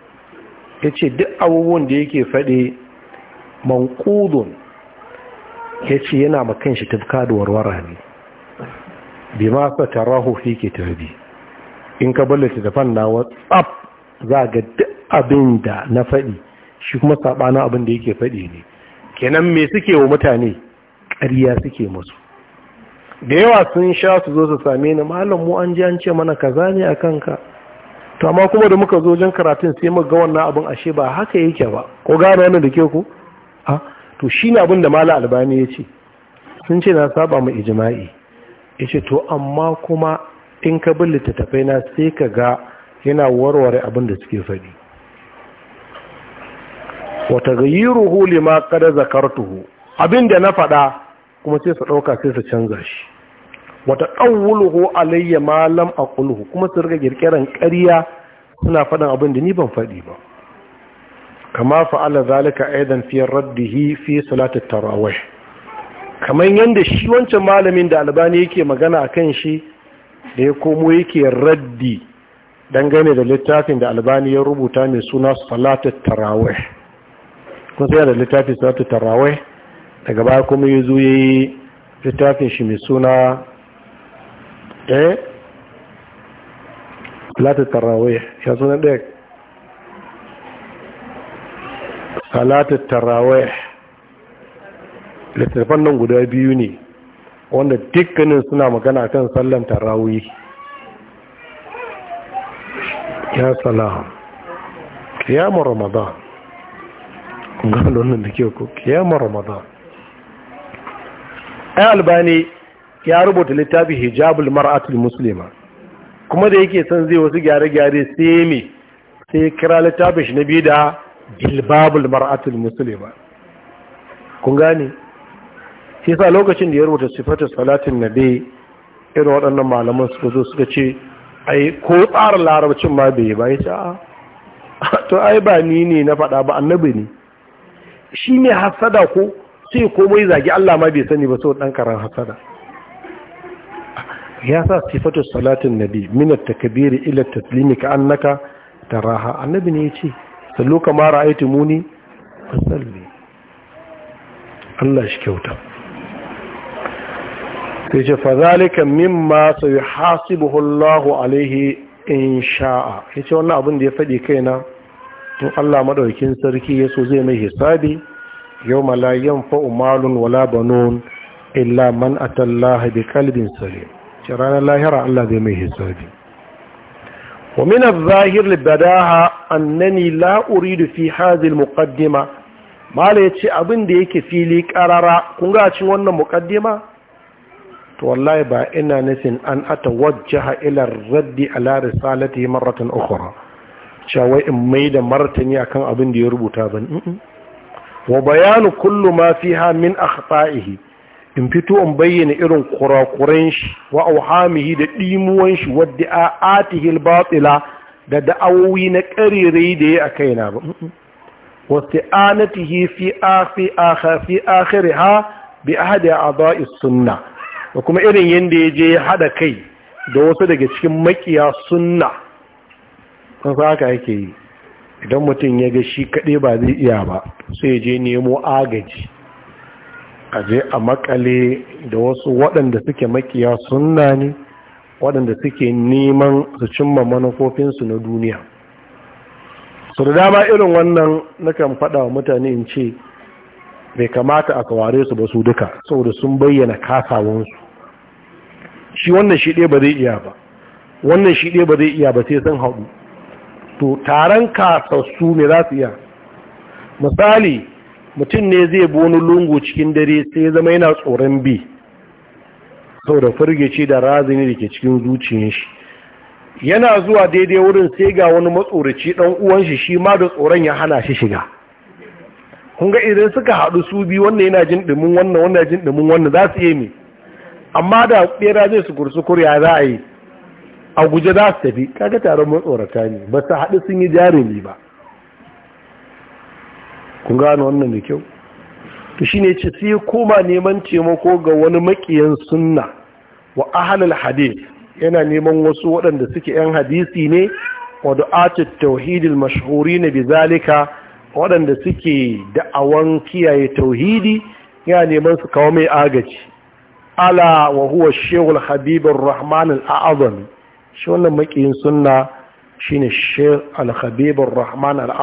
[SPEAKER 1] yace duk abubuwan da yake faɗi ya ce yana makan shi tafka da warwara ne bima tarahu fi kitabi in ka ballata da fanna whatsapp za ga duk abin da na faɗi shi kuma saɓanin abin da yake faɗi ne kenan me suke wa mutane ƙarya suke musu da yawa sun sha su zo su same ni malam mu an ji an ce mana kaza ne a kanka to amma kuma da muka zo wajen karatun sai muka ga wannan abin ashe ba haka yake ba ko gane wannan da ke ku ha to shi abin da mala albani ya ce sun ce na saba mu ijima'i ya ce to amma kuma in ka bin littattafai na sai ka ga yana warware abin da suke faɗi wata ruhu lima kada zakartuhu abin da na faɗa kuma sai su ɗauka sai su canza shi wata ɗauwulhu alayya malam a kulhu kuma su rika ƙirƙiran ƙarya suna faɗin abin da ni ban faɗi ba kama fa'ala zalika aidan fi raddihi fi salatar tarawih kamar yadda shi wancan malamin da albani yake magana a kan shi da ya komo yake raddi dangane da littafin da albani ya rubuta mai suna salatar tarawih kun sai da littafin salatar tarawih daga baya kuma ya zo ya yi littafin shi mai suna eh salati tarawih ya suna ɗaya salatar tarawih littattafan nan guda biyu ne wanda dukkanin suna magana kan sallan tarawih ya salam kiyamun ramadan gano wannan da ke ku kiyamun ramadan ai albani ya rubuta littafi hijabul mar'atul muslima kuma da yake son zai wasu gyare-gyare sai me sai kira littafin shi na biyu da jilbabul mar'atul muslima kun gane shi sa lokacin da ya rubuta sifatu salatin nabi irin waɗannan malaman suka zo suka ce ai ko tsara larabcin ma bai ba yace a to ai ba ni ne na faɗa ba annabi ne shi ne hasada ko sai komai zagi Allah ma bai sani ba sau dan karan hasada ya sa sifatu salatin nabi min at-takbir ila at-taslim ka annaka taraha annabi ne yace sallu kama ra'aitu muni fasalli Allah shi kyauta sai ce fazalika mimma sayhasibuhu Allah alaihi in sha'a yace wannan abin da ya fadi kaina in Allah madaukakin sarki yaso zai mai hisabi yawma la yanfa'u malun wala banun illa man atallaha biqalbin salim ce ranar lahira Allah zai mai hisabi ومن الظاهر للبداهة أنني لا أريد في هذه المقدمة ما ليتشي أبن ديك في لي كرارا كنغا أتشوانا مقدمة والله با إنا نسن أن أتوجه إلى الرد على رسالته مرة أخرى شاوي ميدا مرتني أكن أبن دي ربو تابن وبيان كل ما فيها من أخطائه in fito in bayyana irin kurakuran shi wa auhamihi da dimuwan shi wadda a atihil batila da da'awowi na karere da ya a kaina ba wasu anatihi fi afi fi ha bi ahadi adai sunna da kuma irin yanda ya je hada kai da wasu daga cikin makiya sunna kan haka yake yi idan mutum ya ga shi kaɗai ba zai iya ba sai ya je nemo agaji a je a makale da wasu waɗanda suke makiya sunna ne waɗanda suke neman su cimma manufofinsu na duniya su da dama irin wannan nakan faɗa wa mutane in ce bai kamata a kaware su ba su duka saboda sun bayyana kasawansu shi wannan shi ɗaya ba zai iya ba wannan shi ɗaya ba zai iya ba sai sun haɗu to taron kasassu ne za su iya misali mutum ne zai bi wani lungu cikin dare sai zama yana tsoron bi sau da firgici da razini da ke cikin zuciyar shi yana zuwa daidai wurin sai ga wani matsoraci dan uwan shi shi ma da tsoron ya hana shi shiga kun ga idan suka haɗu su bi wannan yana jin dumin wannan wannan jin dumin wannan za su yi mi amma da bera zai su kursu kurya za a yi a guje za su tafi kaga taron matsorata ne ba su haɗu sun yi jarumi ba kun gano wannan da kyau to shine ce sai koma neman taimako ga wani makiyan sunna wa ahlul hadith yana neman wasu waɗanda suke yan hadisi ne wa du'atut tauhidil mashhurin bizalika waɗanda suke da'awan kiyaye tauhidi yana neman su kawo mai agaji ala wa huwa shehul rahman al shi wannan makiyin sunna shine sheh al rahman al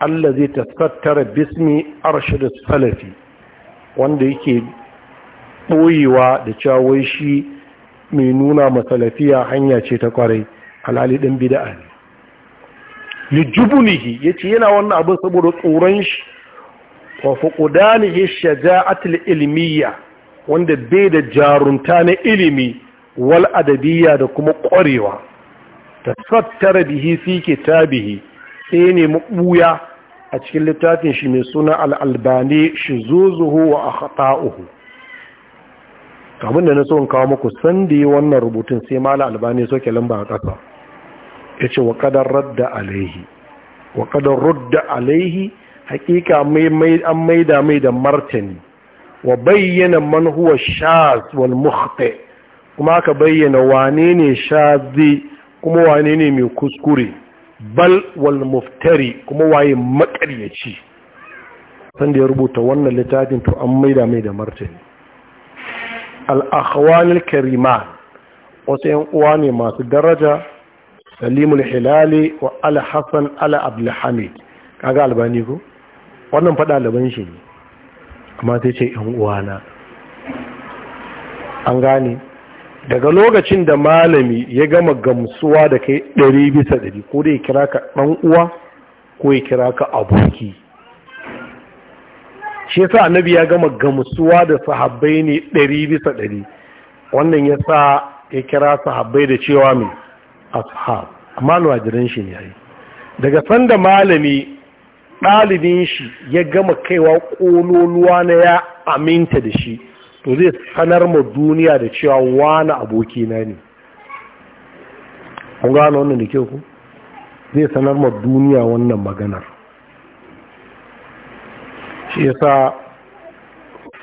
[SPEAKER 1] Allah zai taskattara bismi arshidus salafi wanda yake ɓoyewa da cawai shi mai nuna masalafiya hanya ce ta kwarai alhali ɗin bida'a ne lijubunihi ya ce yana wannan abin saboda tsoron shi wa fuƙudanihi shaja'atul ilmiya wanda bai da jarunta na ilimi wal adabiyya da kuma ƙwarewa ta sattara bihi fi kitabihi sai ya nemi ɓuya a cikin littafin shi mai suna al'albani shi zuzuhu wa a haɗa'uhu da na so in kawo muku sanda da yi wannan rubutun sai mala albani soke lamba a ƙasa ya ce wa ƙadar radda alaihi wa ƙadar rudda alaihi hakika an maida mai da martani wa bayyana man huwa shaz wal muhte kuma aka bayyana wane ne shazi kuma wane ne mai kuskure bal wal muftari kuma waye makaryaci sanda ya rubuta wannan littafin to an maida mai da martani al Karima kariman wasu yan uwa ne masu daraja salimul hilali wa al hasan ala abdulhamid kaga albani ko wannan fada laban shi ne amma sai ce yan uwana an gane daga lokacin da malami ya gama gamsuwa da kai ɗari bisa ɗari ko da ya kira ka ɗan uwa ko ya kira ka aboki shi yasa annabi ya gama gamsuwa da sahabbai ne ɗari bisa ɗari wannan ya sa ya kira sahabbai da cewa mai ashab amma alwajirin shi ne ya yi daga sanda malami ɗalibin shi ya gama kaiwa ƙololuwa na ya aminta da shi to zai sanar ma duniya da cewa wani abokina ne kun gano wannan da kyau ku zai sanar ma duniya wannan maganar shi yasa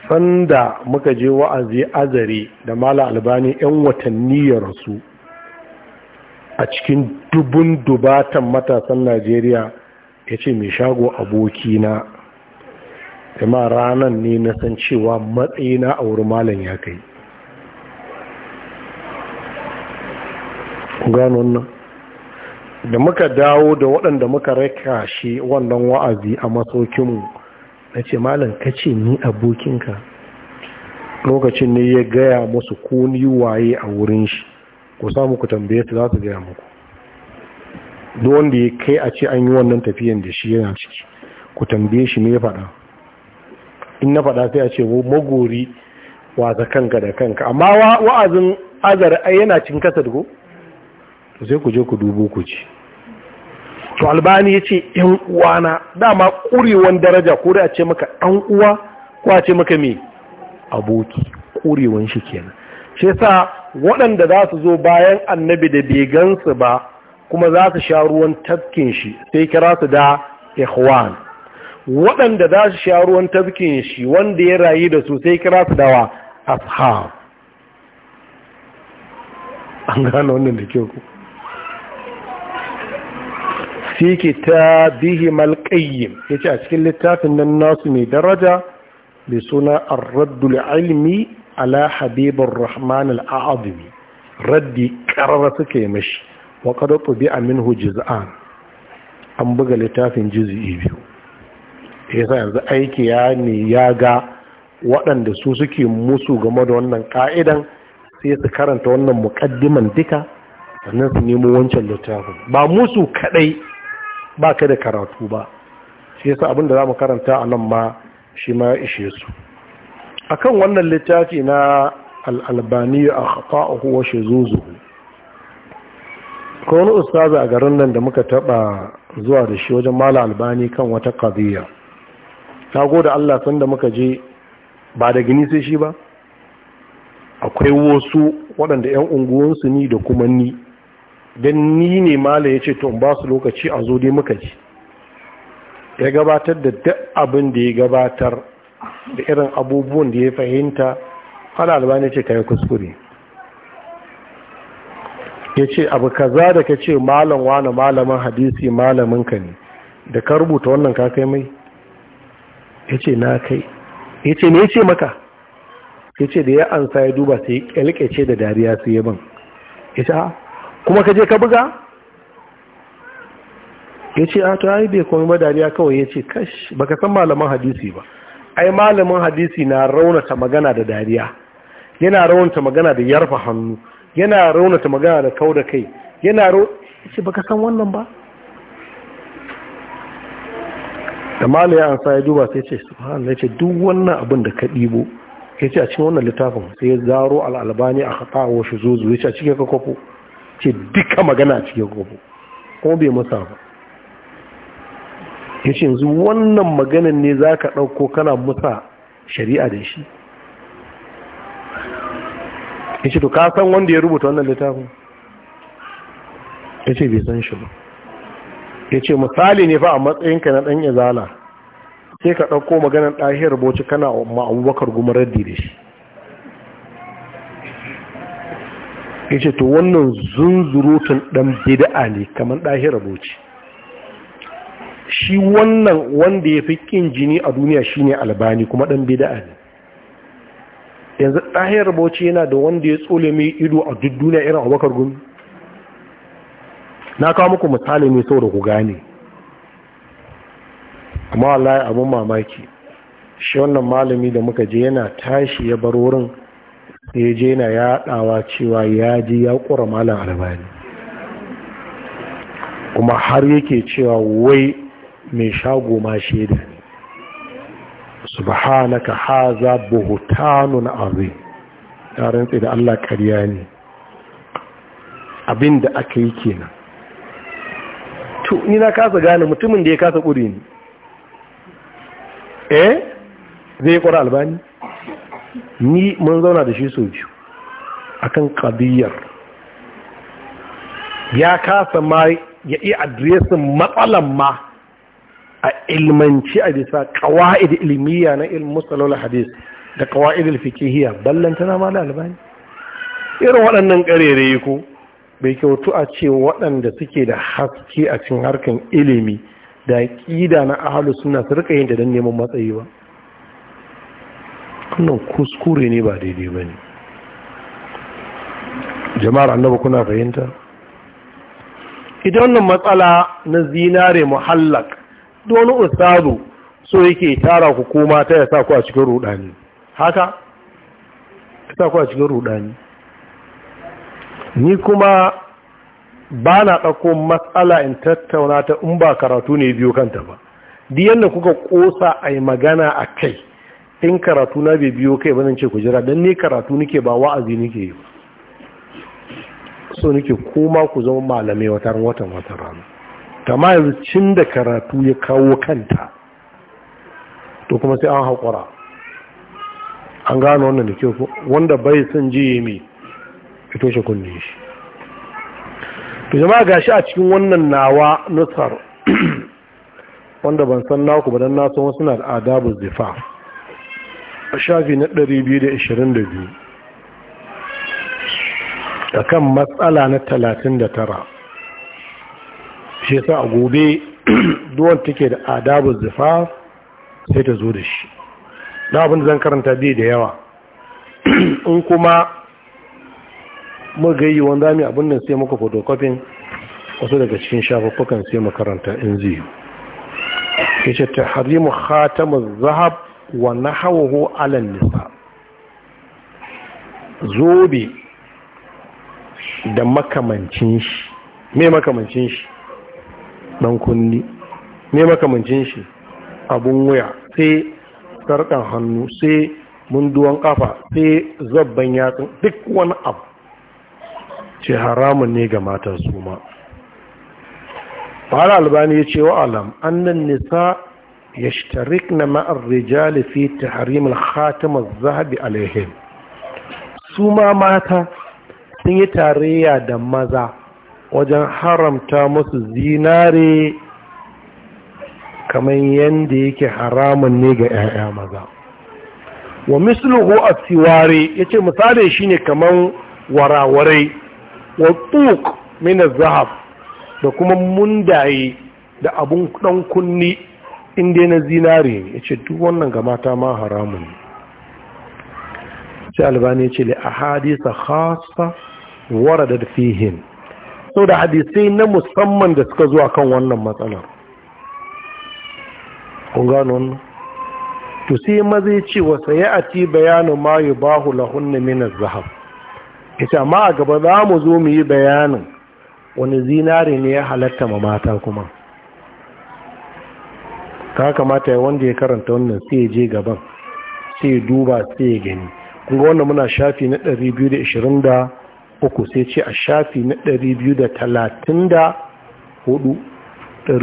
[SPEAKER 1] sanda muka je wa'azi azare da mala albani 'yan watanni ya rasu a cikin dubun dubatan matasan najeriya ya ce mai shago abokina kuma ranar ne na san cewa matsayina a wurin malam ya kai da muka dawo da waɗanda muka raka shi wannan wa'azi a masaukinmu na ce malam ce ni abokinka lokacin ne ya gaya musu ko waye a wurin shi ku samu ku tambaye su za su gaya muku duk wanda ya kai a ce an yi wannan tafiyan da shi yana ciki ku tambaye shi me ya faɗa in na faɗa sai a ce magori wata kanka da kanka amma wa'azin azar ai yana cin kasar ko to sai ku je ku dubo ku ci to albani ya ce ‘yan uwana dama ƙurewan daraja ko da ce maka ɗan uwa ko a ce maka mai aboki ƙurewan shi kenan shi sa waɗanda za su zo bayan annabi da bai gansu ba kuma za su sha ruwan tafkin shi sai kira su da ikhwan waɗanda za su sha ruwan tafkin shi wanda ya rayu da su sai kira su dawa ashab an gane wannan da kyau ku fi kitabihim ya yace a cikin littafin nan nasu mai daraja mai suna ar ilmi ala habibar rahman al Raddi raddi karara suke mashi wa qad tubi'a minhu juz'an an buga littafin juz'i biyu shi yasa yanzu aiki ya ne ya ga waɗanda su suke musu game da wannan ka'idan sai su karanta wannan muƙaddiman duka sannan su nemo wancan littafin ba musu kaɗai ba ka da karatu ba shi yasa abin da za mu karanta a nan ma shi ma ishe su A kan wannan littafi na al'albani a khata'uhu wa shizuzu ko wani ustaza a garin nan da muka taɓa zuwa da shi wajen mala albani kan wata kabiya na gode Allah sanda muka je ba da gini sai shi ba akwai wasu waɗanda 'yan unguwansu ni da kuma ni don ni ne mala ya ce to ba su lokaci a zo dai muka ji ya gabatar da duk abin da ya gabatar da irin abubuwan da ya fahimta ana albani ce ka yi kuskure ya ce abu kaza da ka ce malam wani malamin hadisi malamin ka ne da ka rubuta wannan kakai mai ya ce na kai ya ce me ya ce maka ya ce da ya ansa ya duba sai ya ce da dariya su yaban ya ce kuma ka je ka buga ya ce a to ai bai komai ba dariya kawai ya ce kash baka san malaman hadisi ba ai malamin hadisi na raunata magana da dariya yana raunata magana da yarfa hannu yana raunata magana da kau da kai yana raunata baka san wannan ba da ya ansa ya duba sai ce subhanallah ya ce duk wannan abin da ka ɗibo ya ce a cikin wannan littafin sai ya zaro al'albani a kafa wa shi zuzu ya ce a cikin kakwafo ce duka magana a cikin kakwafo kuma bai masa ba ya ce yanzu wannan maganan ne za ka ɗauko kana musa shari'a da shi ya ce to ka san wanda ya rubuta wannan littafin ya ce bai san shi ba ya ce misali ne fa a matsayinka na ɗan izala sai ka ɗauko maganar ɗahiyar boci kana ma'abubakar gumar raddi da shi ya ce to wannan zunzurutun ɗan bida'a ne kamar ɗahiyar boci shi wannan wanda ya fi ƙin jini a duniya shi ne albani kuma ɗan bida'a ne yanzu ɗahiyar boci yana da wanda ya tsole mai ido a duk duniya irin abubakar gumi na kawo muku misali ne saboda ku gane amma wallahi abun mamaki shi wannan malami da muka je yana tashi ya bar wurin sai je yana yaɗawa cewa ya ji ya ƙura malam albani kuma har yake cewa wai mai shago ma shaida ne subhanaka haza na abu ya rantse da Allah ƙarya ne abin da aka yi kenan to ni na kasa gane mutumin da ya kasa ƙuri ne. eh zai ƙura albani ni mun zauna da shi sau biyu kan ƙabiyyar ya kasa ma ya iya adresin matsalan ma a ilmanci a bisa ƙawa'id ilmiya na ilm musallola hadis da ƙawa'id alfikihiyya ballantana ma da albani irin waɗannan ƙarere ko bai kyautu a ce waɗanda suke da haske a cikin harkar ilimi da ƙida na ahalus suna su rika yin da don neman matsayi ba wannan kuskure ne ba daidai ba ne jama'ar annaba kuna fahimta idan wannan matsala na zinare muhallak wani ustazu so yake tara ku koma ta ya sa ku a cikin rudani haka ya sa ku a cikin rudani ni kuma ba na ɗauko matsala in tattauna ta in ba karatu ne biyo kanta ba di yadda kuka ƙosa a yi magana a kai in karatu na bai biyo kai ba zan ce ku jira don ne karatu nike ba wa'azi nike yi ba so nike koma ku zama malamai watan watan watan rana kama yanzu cin da karatu ya kawo kanta to kuma sai an haƙura an gano wannan da kyau wanda bai son ji ya mai Fito shi kunne shi to jama'a gashi a cikin wannan nawa nutsar wanda ban san naku ba dan na wasu na da adabu zifa a shafi na 222 kan matsala na 39 shi sa a gobe duwan take da adabu zifa sai ta zo da shi da abin zan karanta biyu da yawa in kuma mu gayi wanda mai abin nan sai muka fotokofin wasu daga cikin shafafukan sai makaranta in ziyu ya ce ta harimu khatamu zahab wa na ho alan nisa zobe da makamancin shi me makamancin shi dan kunni me makamancin shi abun wuya sai sarkan hannu sai munduwan kafa sai zabban yatsun duk wani abu ce haramun ne ga matan su ma fara albani ya ce wa alam annan nisa ya shtarik na ma'ar rijali fi ta harimar hatimar zahabi alaihim su ma mata sun yi tarayya da maza wajen haramta musu zinare kamar yadda yake haramun ne ga 'ya'ya maza wa misluhu a siware ya ce misali shi ne kamar warawarai wa tuk mina zahab da kuma mundaye da abun ɗan kunni inda na zinare ya ce duk wannan ga mata ma haramun sai albani ce li ahadisa khassa waradat fihin sau da hadisai na musamman da suka zuwa kan wannan matsalar kun gano wannan to sai maza ya ce wa sayati bayanu ma bahu lahunna min az-zahab ita ma a gaba za mu zo mu yi bayanin wani zinare ne ya halatta ma mata kuma ka kamata wanda ya karanta wannan sai je gaban sai duba sai gani kuma wannan muna shafi na 223 sai ce a shafi na 234 234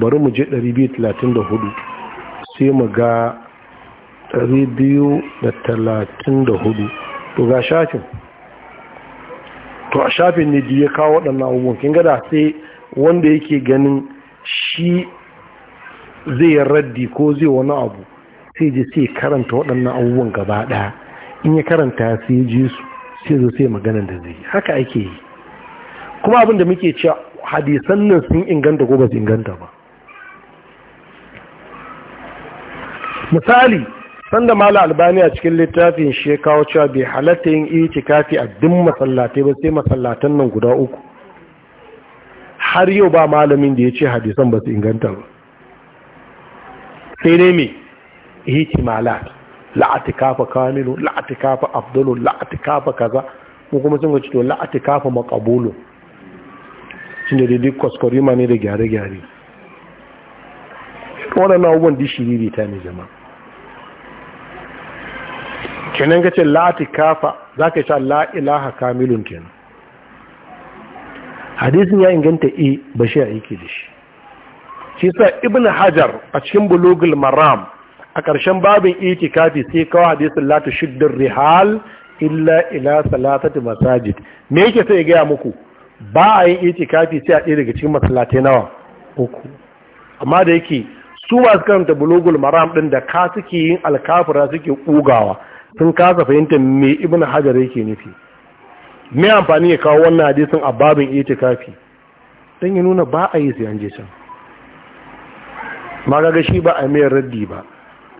[SPEAKER 1] bari mu je 234 sai mu ga 234 to ga shafin to a shafin ne ya kawo waɗannan abubuwan kin gada sai wanda yake ganin shi zai raddi ko zai wani abu sai je sai karanta waɗannan abubuwan gaba ɗaya in ya karanta sai ji su sai zo sai maganar da zai haka ake yi kuma abin da muke cewa hadisan nan sun inganta ko ba su inganta ba misali sanda mala albani a cikin littafin shi ya kawo cewa bai halatta yin itikafi a duk masallatai ba sai masallatan nan guda uku har yau ba malamin da ya ce hadisan ba su inganta ba sai mai me ihtimalat la'atikafa kamilu la'atikafa abdullu la'atikafa kaza ko kuma sun gaci to la'atikafa maqbulu shin da kwaskwari ma ne da gyare-gyare waɗannan abubuwan dishiri ta ne jama'a kenan ka ce lati kafa za ka sha la'ilaha kamilun kenan hadisin ya inganta e ba shi a yake da shi shi sa ibn hajar a cikin bulugul maram a ƙarshen babin kafi sai kawo hadisun lati shiddar rihal illa ila salatati masajid me yake sai ya gaya muku ba a yi yin itikafi sai a ɗaya daga cikin masalatai nawa uku amma da yake su masu karanta bulugul maram ɗin da ka suke yin alkafira suke ƙugawa sun kasa fahimta me ibn hajar yake nufi me amfani ya kawo wannan hadisin a babin itikafi dan ya nuna ba a yi sai an je ma ga shi ba a mai raddi ba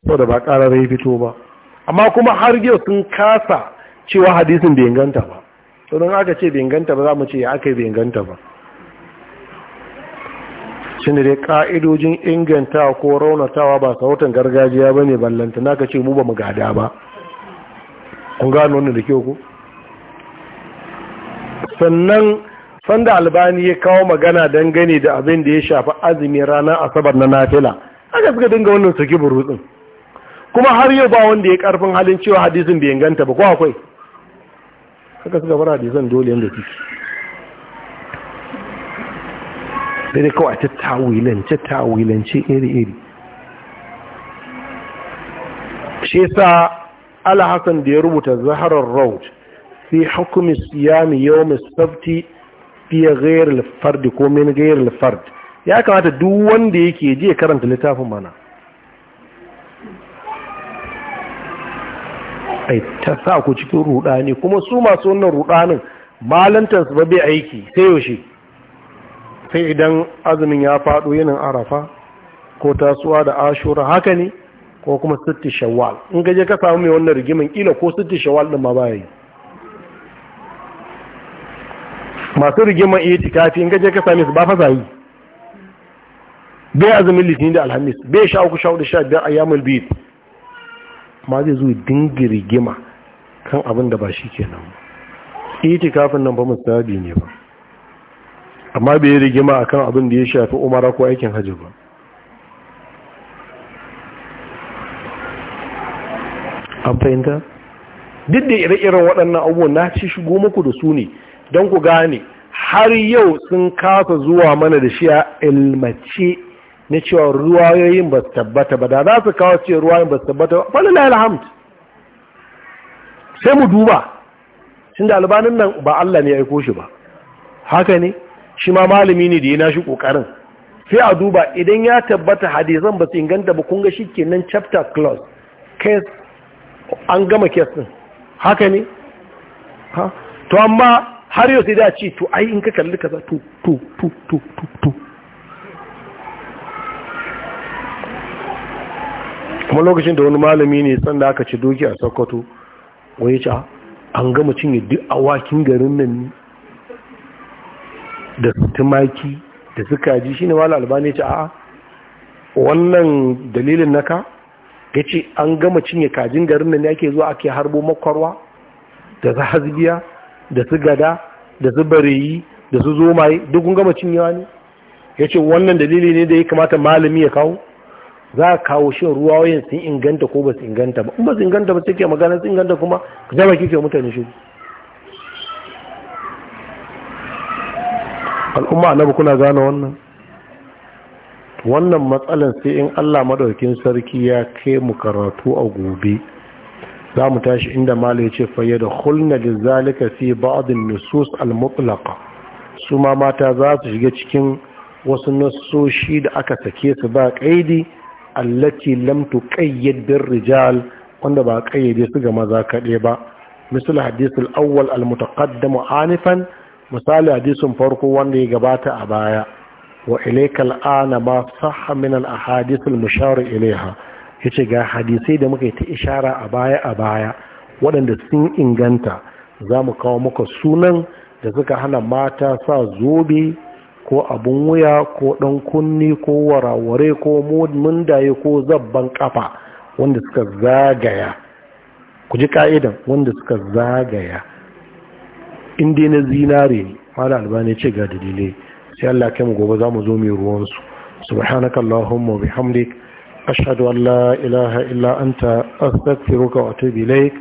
[SPEAKER 1] saboda ba karar ya fito ba amma kuma har yau sun kasa cewa hadisin bai inganta ba to don aka ce bai inganta ba za mu ce ya aka bai inganta ba Shin ne dai ka'idojin inganta ko raunatawa ba sautan gargajiya ba ne ballanta na ka ce mu ba mu gada ba kun gano wannan da kyau ku sannan sanda albani ya kawo magana dangane da abin da ya shafi azumi ranar asabar na nafila aka suka dinga wannan suki burutsun kuma har yau ba wanda ya karfin halin cewa hadisin bai inganta ba ko akwai haka suka bar hadisan dole yadda suke dai kawai ta tawilance tawilance iri-iri shi sa alhassan da ya rubuta zaharar road fi hukumin siyami mai safti fiye gairar fardi ko min gairar fardi ya kamata duk wanda yake ya karanta littafin mana ai ta sa ku cikin rudani kuma su masu wannan rudanin malantar ba bai aiki sai yaushe sai idan azumin ya faɗo yanin arafa ko tasuwa da ashura haka ne ko kuma sitti shawwal in ka je ka samu mai wannan rigimin kila ko sitti shawwal din ma ba yi masu rigimin itikafi in ka je ka same su ba fasa yi bai azumin litinin da alhamis bai sha uku sha hudu sha biyar ayyamul bid ma zai zo dinga rigima kan abin da ba shi kenan itikafin nan ba musabi ne ba amma bai rigima akan abin da ya shafi umara ko aikin hajji ba an fahimta duk da ire-iren waɗannan abubuwan na ci shigo muku da su ne don ku gane har yau sun kasa zuwa mana da shi a ilmace na cewa ruwayoyin ba su tabbata ba da za su kawo ce ruwayoyin ba su tabbata ba na alhamdu sai mu duba shi da albanin nan ba Allah ne ya aiko shi ba haka ne shi ma malami ne da ya nashi kokarin sai a duba idan ya tabbata hadisan ba su inganta ba kunga shi kenan chapter clause case an gama kes haka ne ha to amma har yau sai da ce to ai in ka kalli kaza to to to to to to kuma lokacin da wani malami ne san da aka ci doki a sokoto wai ce an gama cinye duk awakin garin nan ne da tumaki da suka ji ne wani albani ce a wannan dalilin naka ya ce an gama cinye kajin garin nan yake zuwa ake harbo makwarwa da su hasbiya da su gada da su bareyi da su zomaye duk kun gama cinyewa ne ya ce wannan dalili ne da ya kamata malami ya kawo za a kawo shi ruwa wayan sun inganta ko ba su inganta ba in ba su inganta ba ke magana sun inganta kuma ku zama kike mutane shi al'umma annabi kuna gane wannan wannan matsalan sai in Allah madaukin sarki ya kai mu karatu a gobe za mu tashi inda malai ce faye da hulna da zalika fi ba'adin nusus al-mutlaka su ma mata za su shiga cikin wasu nasoshi da aka sake su ba ƙaidi allati lamtu tuqayyad rijal wanda ba kayyade su ga maza kaɗai ba misal hadisul awwal al-mutaqaddamu anifan misali hadisin farko wanda ya gabata a baya wa ilaika al'ana ma sahha min al ahadith ilaiha yace ga hadisai da muka yi ta ishara a baya a baya waɗanda sun inganta za mu kawo muka sunan da suka hana mata sa zobe ko abun wuya ko ɗan kunni ko waraware ko mundaye ko zabban ƙafa wanda suka zagaya ku ji ka'idan wanda suka zagaya inda na zinare ne mara albani ce ga dalilai sai Allah mu gobe za mu zo mai ruwan su subhanaka allahumma bihamdik ashadu allah la ilaha illa anta astaghfiruka wa atubu ilaik